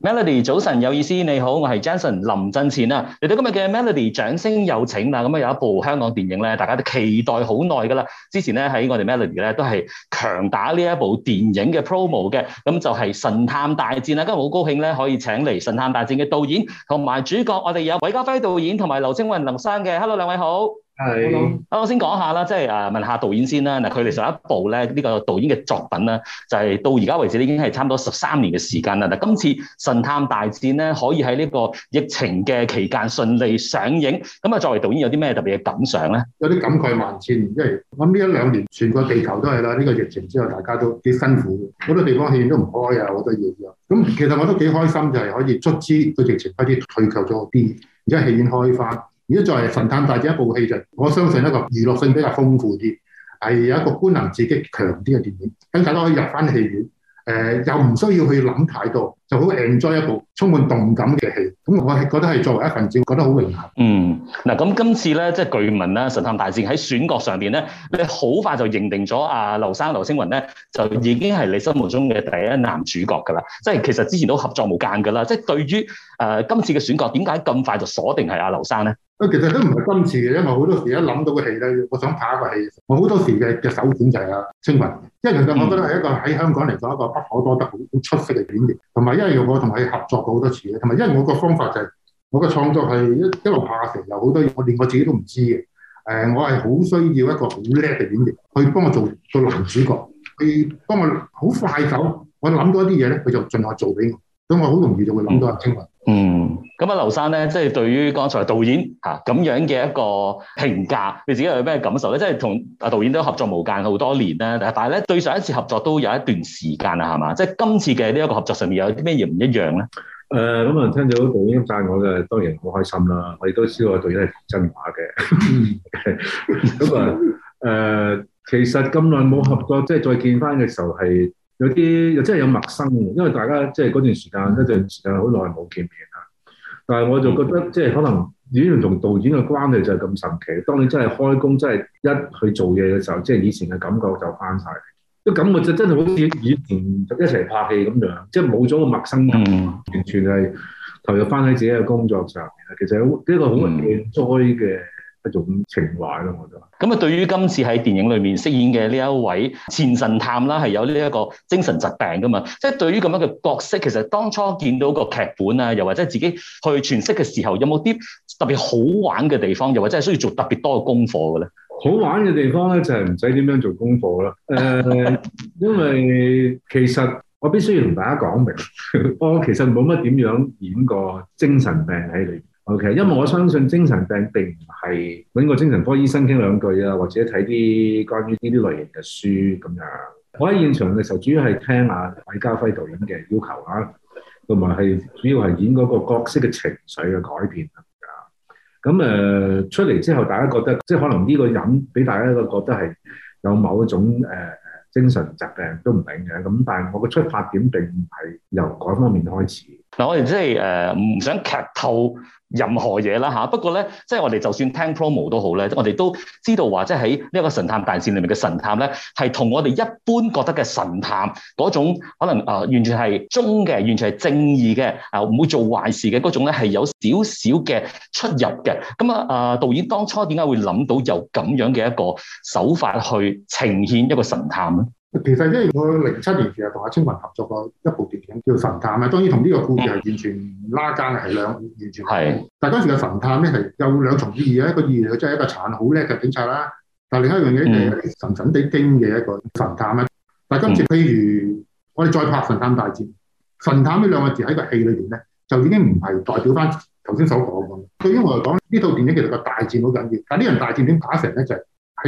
Melody，早晨有意思，你好，我係 Jenson 林振前啊。你哋今日嘅 Melody，掌聲有請啦！咁啊有一部香港電影咧，大家都期待好耐噶啦。之前咧喺我哋 Melody 咧都係強打呢一部電影嘅 promo 嘅，咁就係《神探大戰》啦。今日好高興咧可以請嚟《神探大戰》嘅導演同埋主角，我哋有韋家輝導演同埋劉青雲、林生嘅。Hello，兩位好。係，啊 Hello. Hello.，我先講下啦，即係誒問下導演先啦。嗱，佢哋上一部咧呢個導演嘅作品咧，就係到而家為止已經係差唔多十三年嘅時間啦。嗱，今次《神探大戰》咧可以喺呢個疫情嘅期間順利上映，咁啊作為導演有啲咩特別嘅感想咧？有啲感慨萬千，因為我諗呢一兩年全個地球都係啦，呢個疫情之後大家都幾辛苦，好多地方戲院都唔開啊，好多嘢嘅。咁其實我都幾開心就係可以卒之個疫情開始退卻咗啲，而家戲院開翻。如果作為神探大戰一部戲，就我相信一個娛樂性比較豐富啲，係有一個官能刺激強啲嘅電影，等大家可以入翻戲院。誒、呃、又唔需要去諗太多，就好 enjoy 一部充滿動感嘅戲。咁、嗯、我係覺得係作為一份子，覺得好榮幸。嗯，嗱咁今次咧即係據聞啦，《神探大戰》喺選角上邊咧，你好快就認定咗阿、啊、劉生劉青雲咧，就已經係你心目中嘅第一男主角㗎啦。即係其實之前都合作無間㗎啦。即係對於誒、呃、今次嘅選角，點解咁快就鎖定係阿劉生咧？其實都唔係今次嘅，因為好多時一諗到個戲咧，我想拍一個戲。我好多時嘅嘅首選就係阿青雲，因為其實我覺得係一個喺香港嚟講一個不可多得好、好好出色嘅演員。同埋因為我同佢合作過好多次，同埋因為我個方法就係、是、我個創作係一一路下成有好多嘢，我連我自己都唔知嘅。誒，我係好需要一個好叻嘅演員去幫我做個男主角，去幫我好快手。我諗到一啲嘢咧，佢就盡量做俾我，咁我好容易就會諗到阿青雲。嗯嗯，咁、嗯、啊，劉生咧，即係對於剛才導演吓咁樣嘅一個評價，你自己有咩感受咧？即係同阿導演都合作無間好多年啦，但係咧對上一次合作都有一段時間啦，係嘛？即係今次嘅呢一個合作上面有啲咩嘢唔一樣咧？誒，咁啊，聽到導演讚我嘅，當然好開心啦。我亦都知道阿導演係講真話嘅。咁 啊、 嗯，誒、呃，其實咁耐冇合作，即係再見翻嘅時候係。有啲又真係有陌生嘅，因為大家即係嗰段時間、一段時間好耐冇見面啦。但係我就覺得即係可能演員同導演嘅關係就係咁神奇。當你真係開工、真係一去做嘢嘅時候，即係以前嘅感覺就翻晒嚟。啲感覺就真係好似以前就一齊拍戲咁樣，即係冇咗個陌生感，完全係投入翻喺自己嘅工作上面。其實呢一個好大災嘅。一種情懷咯，我覺得。咁啊，對於今次喺電影裏面飾演嘅呢一位前神探啦，係有呢一個精神疾病噶嘛？即係對於咁樣嘅角色，其實當初見到個劇本啦，又或者自己去詮釋嘅時候，有冇啲特別好玩嘅地方，又或者係需要做特別多嘅功課嘅咧？好玩嘅地方咧，就係唔使點樣做功課咯。誒， uh, 因為其實我必須要同大家講明， 我其實冇乜點樣演過精神病喺裏面。O.K.，因為我相信精神病並唔係揾個精神科醫生傾兩句啊，或者睇啲關於呢啲類型嘅書咁樣。我喺現場嘅時候，主要係聽下、啊、韋家輝導演嘅要求啦，同埋係主要係演嗰個角色嘅情緒嘅改變啊。咁誒、呃、出嚟之後，大家覺得即係可能呢個人俾大家嘅覺得係有某一種誒、呃、精神疾病都唔定嘅。咁但係我嘅出發點並唔係由嗰方面開始。嗱、啊，我哋即係誒，唔、呃、想劇透任何嘢啦吓。不過咧，即係我哋就算聽 promo 都好咧，我哋都知道話，即係喺呢一個神探大戰裏面嘅神探咧，係同我哋一般覺得嘅神探嗰種，可能誒完全係忠嘅，完全係正義嘅，誒、呃、唔會做壞事嘅嗰種咧，係有少少嘅出入嘅。咁啊，誒、呃、導演當初點解會諗到有咁樣嘅一個手法去呈現一個神探咧？其實即係我零七年時係同阿青雲合作過一部電影叫《神探》啦，當然同呢個故事係完全拉更嘅，係兩完全唔同。但係當時嘅《神探》咧係有兩重意義，一個意義就真係一個殘好叻嘅警察啦，但係另一樣嘢，就係神神哋經嘅一個神探啦。嗯、但係今次譬如我哋再拍《神探大戰》，神探呢兩個字喺個戲裏邊咧就已經唔係代表翻頭先所講咁。對於我嚟講，呢套電影其實大個大戰好緊要，但係呢人大戰點打成咧，就係、是、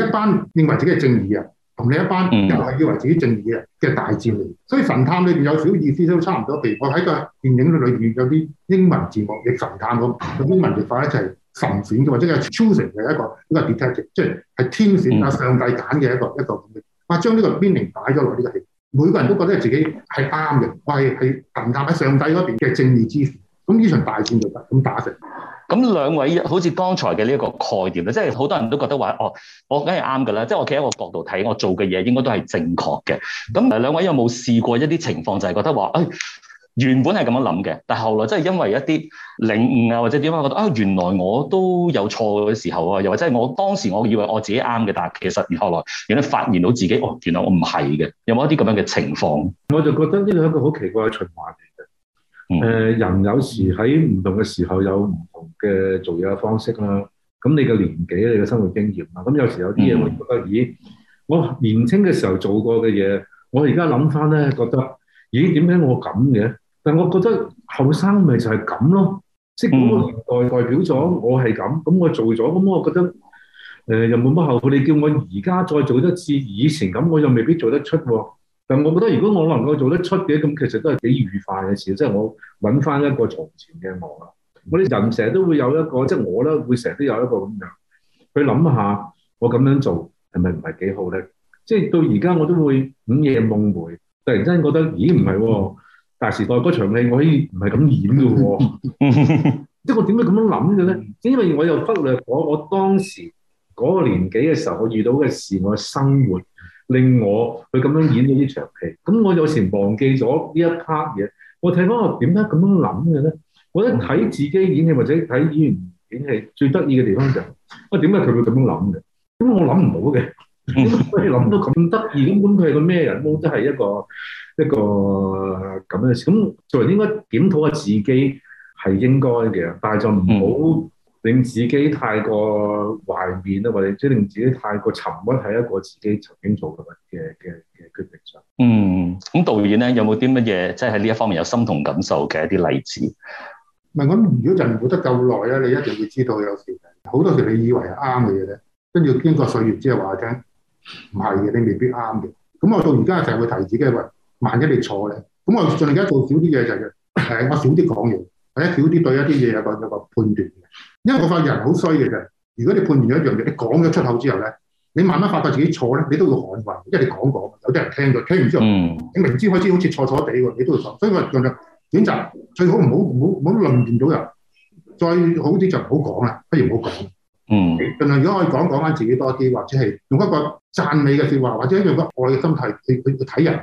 喺一班認為自己係正義人。同你一班又係以為自己正義嘅嘅大戰嚟，所以神探裏邊有少意思都差唔多。譬如我睇個電影裏邊有啲英文字幕，亦神探咁嗰啲英文譯法一就係神選嘅，或者係 choosing 嘅一個，呢個 detective 即係係天選啊，上帝揀嘅一個一個嘅。我將呢個編明擺咗落呢個戲，每個人都覺得自己係啱嘅，我係係神探喺上帝嗰邊嘅正義之士。咁呢場大戰就咁打成。咁兩位好似剛才嘅呢一個概念咧，即係好多人都覺得話哦，我梗係啱㗎啦，即係我企喺個角度睇，我做嘅嘢應該都係正確嘅。咁兩位有冇試過一啲情況，就係、是、覺得話，誒、哎、原本係咁樣諗嘅，但係後來真係因為一啲領悟啊，或者點樣覺得啊，原來我都有錯嘅時候啊，又或者係我當時我以為我自己啱嘅，但係其實後來原來發現到自己，哦，原來我唔係嘅。有冇一啲咁樣嘅情況？我就覺得呢兩個好奇怪嘅循環。誒，人有時喺唔同嘅時候有唔同嘅做嘢嘅方式啦，咁你嘅年紀，你嘅生活經驗啦。咁有時有啲嘢我覺得，咦！我年青嘅時候做過嘅嘢，我而家諗翻咧，覺得咦？點解我咁嘅？但我覺得後生咪就係咁咯。即係嗰個年代代表咗我係咁，咁我做咗，咁我覺得誒、呃、又冇乜後悔。你叫我而家再做一次以前咁，我又未必做得出喎。但係我覺得如果我能夠做得出嘅，咁其實都係幾愉快嘅事，即係我揾翻一個從前嘅我啦。我哋人成日都會有一個，即係我咧會成日都有一個咁樣，去諗下我咁樣做係咪唔係幾好咧？即係到而家我都會午夜夢回，突然間覺得咦，唔係喎，大時代嗰場戲我可以唔係咁演嘅喎。 即係我點解咁樣諗嘅咧？因為我又忽略我我當時嗰個年紀嘅時候，我遇到嘅事，我生活。令我去咁樣演呢啲場戲，咁我有時忘記咗呢一 part 嘢。我睇翻我點解咁樣諗嘅咧？我一睇自己演戲或者睇演員演戲，最得意嘅地方就係、是：喂，點解佢會咁樣諗嘅？點解我諗唔到嘅？點解諗到咁得意？咁咁佢係個咩人？我都真係一個一個咁樣嘅事。咁做人應該檢討下自己係應該嘅，但係就唔好。令自己太過懷緬啊，或者令自己太過沉鬱喺一個自己曾經做嘅嘅嘅決定上。嗯，咁導演咧有冇啲乜嘢即係喺呢一方面有心同感受嘅一啲例子？唔係，如果人活得夠耐咧，你一定會知道有時好多時你以為係啱嘅嘢咧，跟住經過歲月之後話聽唔係嘅，你未必啱嘅。咁我到而家就係會提自己話，萬一你錯咧，咁我盡力而家做少啲嘢就係、是、 我少啲講嘢，或者少啲對一啲嘢有個有個判斷嘅。因為我發覺人好衰嘅，就如果你判完咗一樣嘢，你講咗出口之後咧，你慢慢發覺自己錯咧，你都會捍衛。因為你講講，有啲人聽咗，聽完之後，你明知開始好似錯錯地喎，你都會錯。所以我話盡量選擇最好唔好唔好唔好論斷到人，再好啲就唔好講啦，不如唔好講。嗯，儘量如果可以講講翻自己多啲，或者係用一個讚美嘅説話，或者用一個愛嘅心態去去睇人，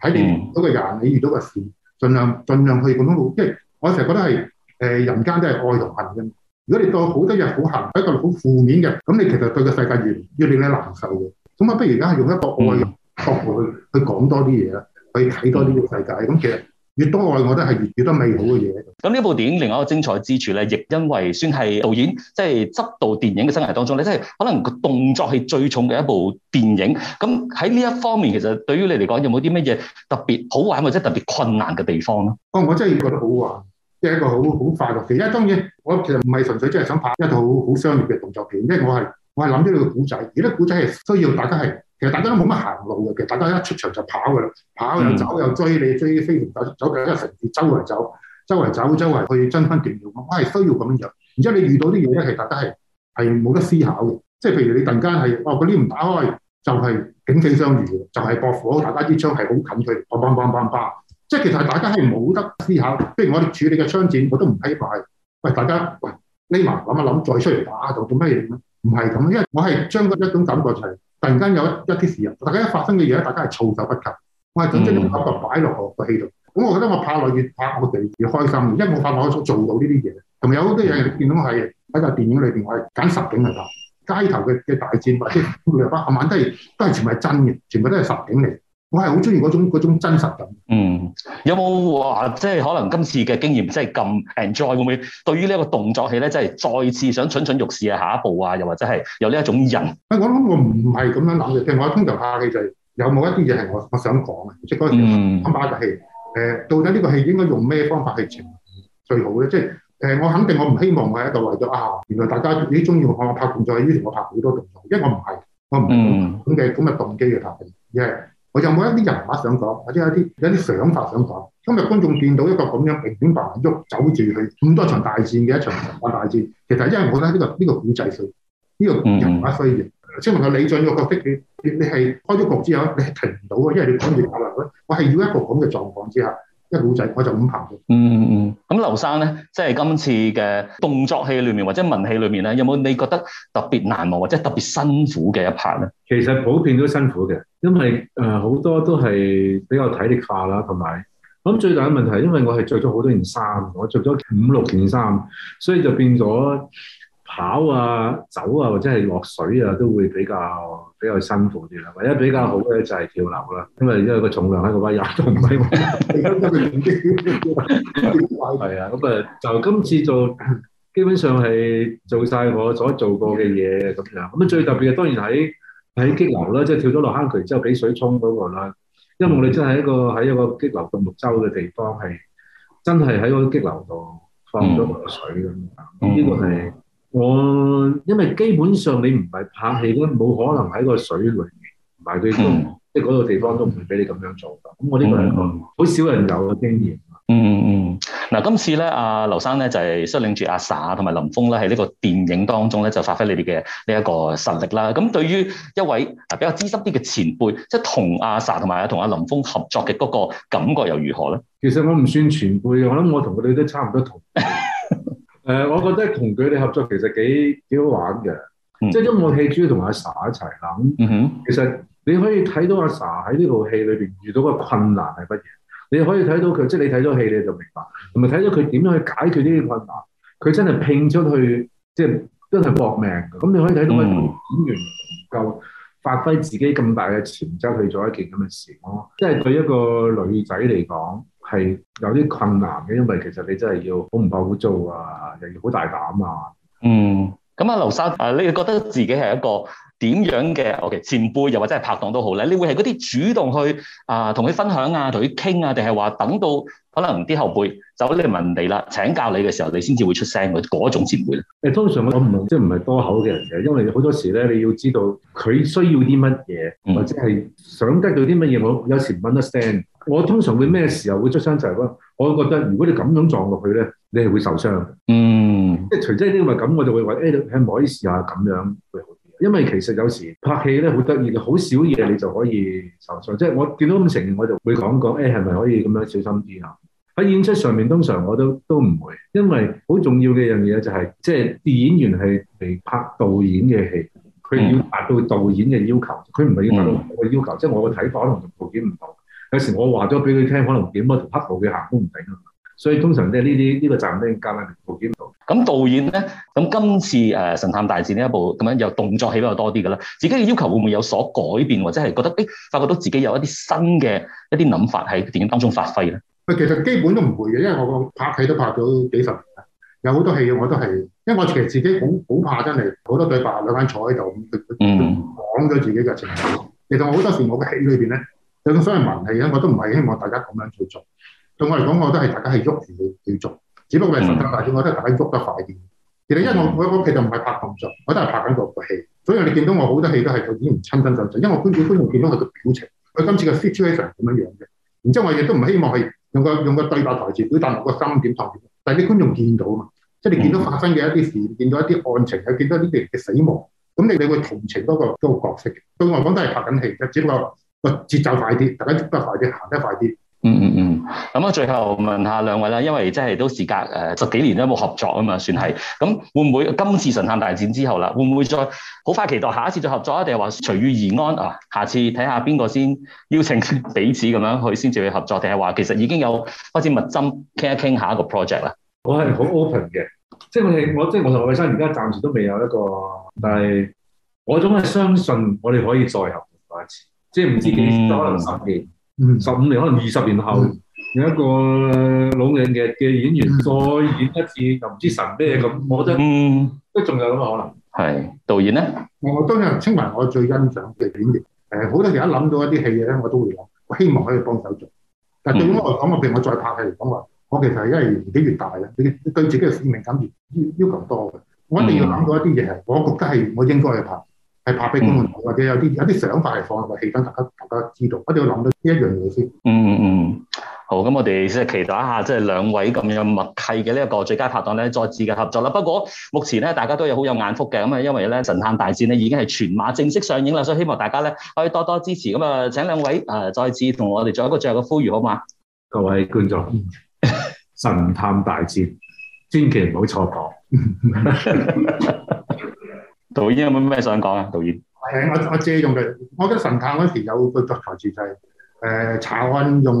睇你嗰個人，你遇到嘅事，儘量儘量去咁樣，即係我成日覺得係誒人間都係愛同恨㗎如果你對好多嘢好恨，一個好負面嘅，咁你其實對個世界越變越難受嘅。咁啊，不如而家用一個愛嘅角度去去講多啲嘢啦，去睇多啲個世界。咁其實越多愛，我都係越多美好嘅嘢。咁呢部電影另外一個精彩之處咧，亦因為算係導演即係、就是、執導電影嘅生涯當中咧，即係可能個動作係最重嘅一部電影。咁喺呢一方面，其實對於你嚟講，有冇啲乜嘢特別好玩或者特別困難嘅地方咧？哦，我真係覺得好玩。即係一個好好快樂，其實當然我其實唔係純粹真係想拍一套好商業嘅動作片，因為我係我係諗咗個古仔，而啲古仔係需要大家係其實大家都冇乜行路嘅，其實大家一出場就跑嘅啦，跑又走又追你追飛檐走走走，甚至周圍走周圍走周圍去爭分奪秒，我係需要咁樣入，然之後你遇到啲嘢咧係大家係係冇得思考嘅，即係譬如你突然間係哦，嗰啲唔打開就係警匪相遇嘅，就係駁火，大家啲槍係好近距離 b a n 即係其實大家係冇得思考，譬如我哋處理嘅槍戰，我都唔批評。喂，大家，喂，匿埋諗一諗，再出嚟打就做乜嘢咧？唔係咁，因為我係將嗰一種感覺就係、是、突然間有一一啲事，大家一發生嘅嘢，大家係措手不及。我係將咁啲度擺落個戲度，咁、嗯、我覺得我拍落越拍，怕我哋越，越開心。因為我發覺我做到呢啲嘢，同埋有好多嘢，你見到係喺個電影裏邊，我係揀實景嚟拍，街頭嘅嘅大戰或者搬下萬都係都係全部係真嘅，全部都係實景嚟。我係好中意嗰種真實感。嗯，有冇話即係可能今次嘅經驗真係咁 enjoy？會唔會對於呢一個動作戲咧，真係再次想蠢蠢欲試啊，下一步啊，又或者係有呢一種人？我諗我唔係咁樣諗嘅。其實我通常拍戲就係有冇一啲嘢係我我想講嘅，即係嗰陣時拍嘅戲。誒、嗯，到底呢個戲應該用咩方法去呈現最好咧？即係誒，我肯定我唔希望我喺度個為咗啊，原來大家幾中意我拍動作戲，於我拍好多動作，因為我唔係我唔咁嘅咁嘅動機嚟拍嘅，而、嗯我有冇一啲人物想講，或者有啲有啲想法想講？今日觀眾見到一個咁樣平平白白喐走住去咁多場大戰嘅一場場大戰，其實因為我覺得呢、呢個呢、呢個古仔，佢、呢、呢個人物需要。即係問下李準個角色，你你你係開咗局之後，你係停唔到嘅，因為你講完拍落，我係要一個咁嘅狀況之下，一古仔我就咁行。嗯嗯嗯，咁、嗯嗯嗯、劉生咧，即、就、係、係、今次嘅動作戲裏面或者文戲裏面咧，有冇你覺得特別難忘或者特別辛苦嘅一拍咧？其實普遍都辛苦嘅。因為誒好、呃、多都係比較體力化啦，同埋咁最大嘅問題，因為我係着咗好多件衫，我着咗五六件衫，所以就變咗跑啊、走啊，或者係落水啊，都會比較比較辛苦啲啦。唯一比較好嘅就係跳樓啦，因為因為個重量喺個位廿。都唔係。係 啊， 咁誒就今、是、次做基本上係做晒我所做過嘅嘢咁樣。咁啊最特別嘅當然喺，喺激流啦，即係跳咗落坑渠之後俾水沖嗰個啦。因為我哋真係一個喺一個激流嘅木舟嘅地方，係真係喺個激流度放咗、嗯、個水咁。呢個係我，因為基本上你唔係拍戲咧，冇可能喺個水裏面，唔係都即係嗰個地方都唔會俾你咁樣做噶。咁我呢個係個好少人有嘅經驗。嗯。嗯嗱，今次咧，阿劉生咧就係率領住阿 Sa 同埋林峰咧喺呢個電影當中咧，就發揮你哋嘅呢一個實力啦。咁對於一位啊比較資深啲嘅前輩，即係同阿 Sa 同埋同阿林峰合作嘅嗰個感覺又如何咧？其實我唔算前輩，我諗我同佢哋都差唔多同。誒 呃，我覺得同佢哋合作其實幾幾好玩嘅， 即係因為我戲主要同阿 Sa 一齊啦。哼， 其實你可以睇到阿 Sa 喺呢部戲裏邊遇到嘅困難係乜嘢？你可以睇到佢，即係你睇咗戲你就明白，同埋睇咗佢點樣去解決呢啲困難，佢真係拼出去，即係真係搏命。咁你可以睇到佢，演員夠發揮自己咁大嘅潛質去做一件咁嘅事咯。即係對一個女仔嚟講係有啲困難嘅，因為其實你真係要好唔怕苦做啊，又要好大膽啊。嗯，咁啊，劉生啊，你覺得自己係一個？點樣嘅？OK，前輩又或者係拍檔都好咧。你會係嗰啲主動去啊，同、呃、佢分享啊，同佢傾啊，定係話等到可能啲後輩有啲問題啦、請教你嘅時候，你先至會出聲嘅嗰種前輩咧。誒，通常我唔係即係唔係多口嘅人嘅，因為好多時咧，你要知道佢需要啲乜嘢，或者係想得到啲乜嘢。我有時問得聲，我通常會咩時候會出聲就係、話、我覺得，如果你咁樣撞落去咧，你係會受傷。嗯，即係除咗呢啲咪咁，我就會話誒，唔好意思啊，咁樣會好？因為其實有時拍戲咧好得意嘅，好少嘢你就可以受傷。即係我見到咁，成，我就會講講，誒，係咪可以咁樣小心啲啊？喺演出上面，通常我都都唔會，因為好重要嘅一樣嘢就係、是，即係演員係嚟拍導演嘅戲，佢要達到導演嘅要求，佢唔係要達到我嘅要求。嗯、即係我嘅睇法，可能同導演唔同。有時我話咗俾佢聽，可能點啊，同拍導佢行都唔定啊。所以通常都係呢啲呢個責任都要交喺導演度。咁導演咧，咁今次誒、呃《神探大戰》呢一部咁樣有動作戲比較多啲㗎喇，自己嘅要求會唔會有所改變，或者係覺得誒、欸，發覺到自己有一啲新嘅一啲諗法喺電影當中發揮咧？誒，其實基本都唔會嘅，因為我拍戲都拍咗幾十年啦，有好多戲我都係，因為我其實自己好好怕真係好多對白，兩眼坐喺度嗯，講咗自己嘅情況。其實我好多時我嘅戲裏邊咧，有啲所謂文戲咧，我都唔係希望大家咁樣去做。對我嚟講，我都係大家係喐住去去做，只不過係神特大戰，我覺得大家喐得快啲。其實因為我我我其實唔係拍動作，我都係拍緊個部戲，所以你見到我好多戲都係佢已經唔親身上場，因為我觀眾觀眾見到佢個表情，佢今次個 situation 係咁樣樣嘅。然之後我亦都唔希望係用個用個對白台詞表達我個心點痛。但係啲觀眾見到啊嘛，即係你見到發生嘅一啲事，見到一啲案情，又見到呢啲人嘅死亡，咁你哋會同情嗰個嗰個角色嘅。對我嚟講都係拍緊戲啫，只不過個節奏快啲，大家喐得快啲，行得快啲。嗯嗯嗯，咁啊，最後問下兩位啦，因為即係都時隔誒十幾年都冇合作啊嘛，算係，咁會唔會今次神探大戰之後啦，會唔會再好快期待下一次再合作啊？定係話隨遇而安啊？下次睇下邊個先邀請彼此咁樣去先至去合作，定係話其實已經有開始密針傾一傾下一個 project 啦？我係好 open 嘅，即係我係我即係我同韋生而家暫時都未有一個，但係我總係相信我哋可以再合作一次，即係唔知幾多十年。嗯十五年可能二十年後，嗯、有一個老嘅嘅演員再、嗯、演一次，又唔知神咩咁，我覺得都仲有咁嘅可能。係導演咧，我當然稱為我最欣賞嘅演員。誒，好多時一諗到一啲戲嘅咧，我都會諗，我希望可以幫手做。但對於我嚟講，我譬、嗯、如我再拍戲嚟講啊，我，我其實係因為年紀越大咧，你對自己嘅使命感越要求多嘅，我一定要諗到一啲嘢係我覺得係我應該去拍。拍、嗯、或者有啲有啲想法嚟放入個戲份，大家大家知道。一定要諗到呢一樣嘢先。嗯嗯嗯，好。咁我哋即係期待一下，即係兩位咁樣默契嘅呢一個最佳拍檔咧，再次嘅合作啦。不過目前咧，大家都有好有眼福嘅。咁啊，因為咧《神探大戰》咧已經係全馬正式上映啦，所以希望大家咧可以多多支持。咁、嗯、啊，請兩位誒、呃、再次同我哋做一個最後嘅呼籲，好嗎？各位觀眾，《神探大戰》千祈唔好錯過。 導演有冇咩想講啊？導演、嗯、我，我借用佢，我覺得神探嗰時有句台詞就係、是呃、查案用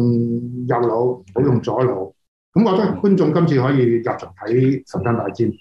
右腦，唔好用左腦。咁、嗯嗯、我覺得觀眾今次可以入場睇神探大戰。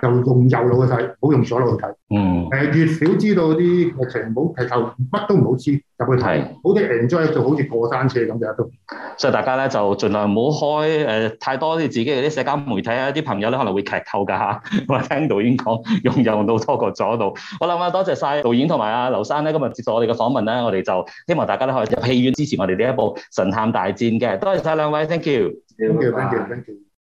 就用右腦去睇，唔好用左腦去睇。嗯。誒、呃，越少知道啲劇情，唔好劇透，乜都唔好知入去睇。好啲 enjoy，就好似過山車咁，而都。所以大家咧就儘量唔好開誒、呃、太多啲自己啲社交媒體啊，啲朋友咧可能會劇透㗎嚇。我聽導演講，用右腦多過左腦。好啦，咁啊，多謝晒導演同埋阿劉生咧，今日接受我哋嘅訪問咧，我哋就希望大家咧可以入戲院支持我哋呢一部神探大戰嘅。多謝晒兩位，thank you。Thank you，thank you，thank you。Bye.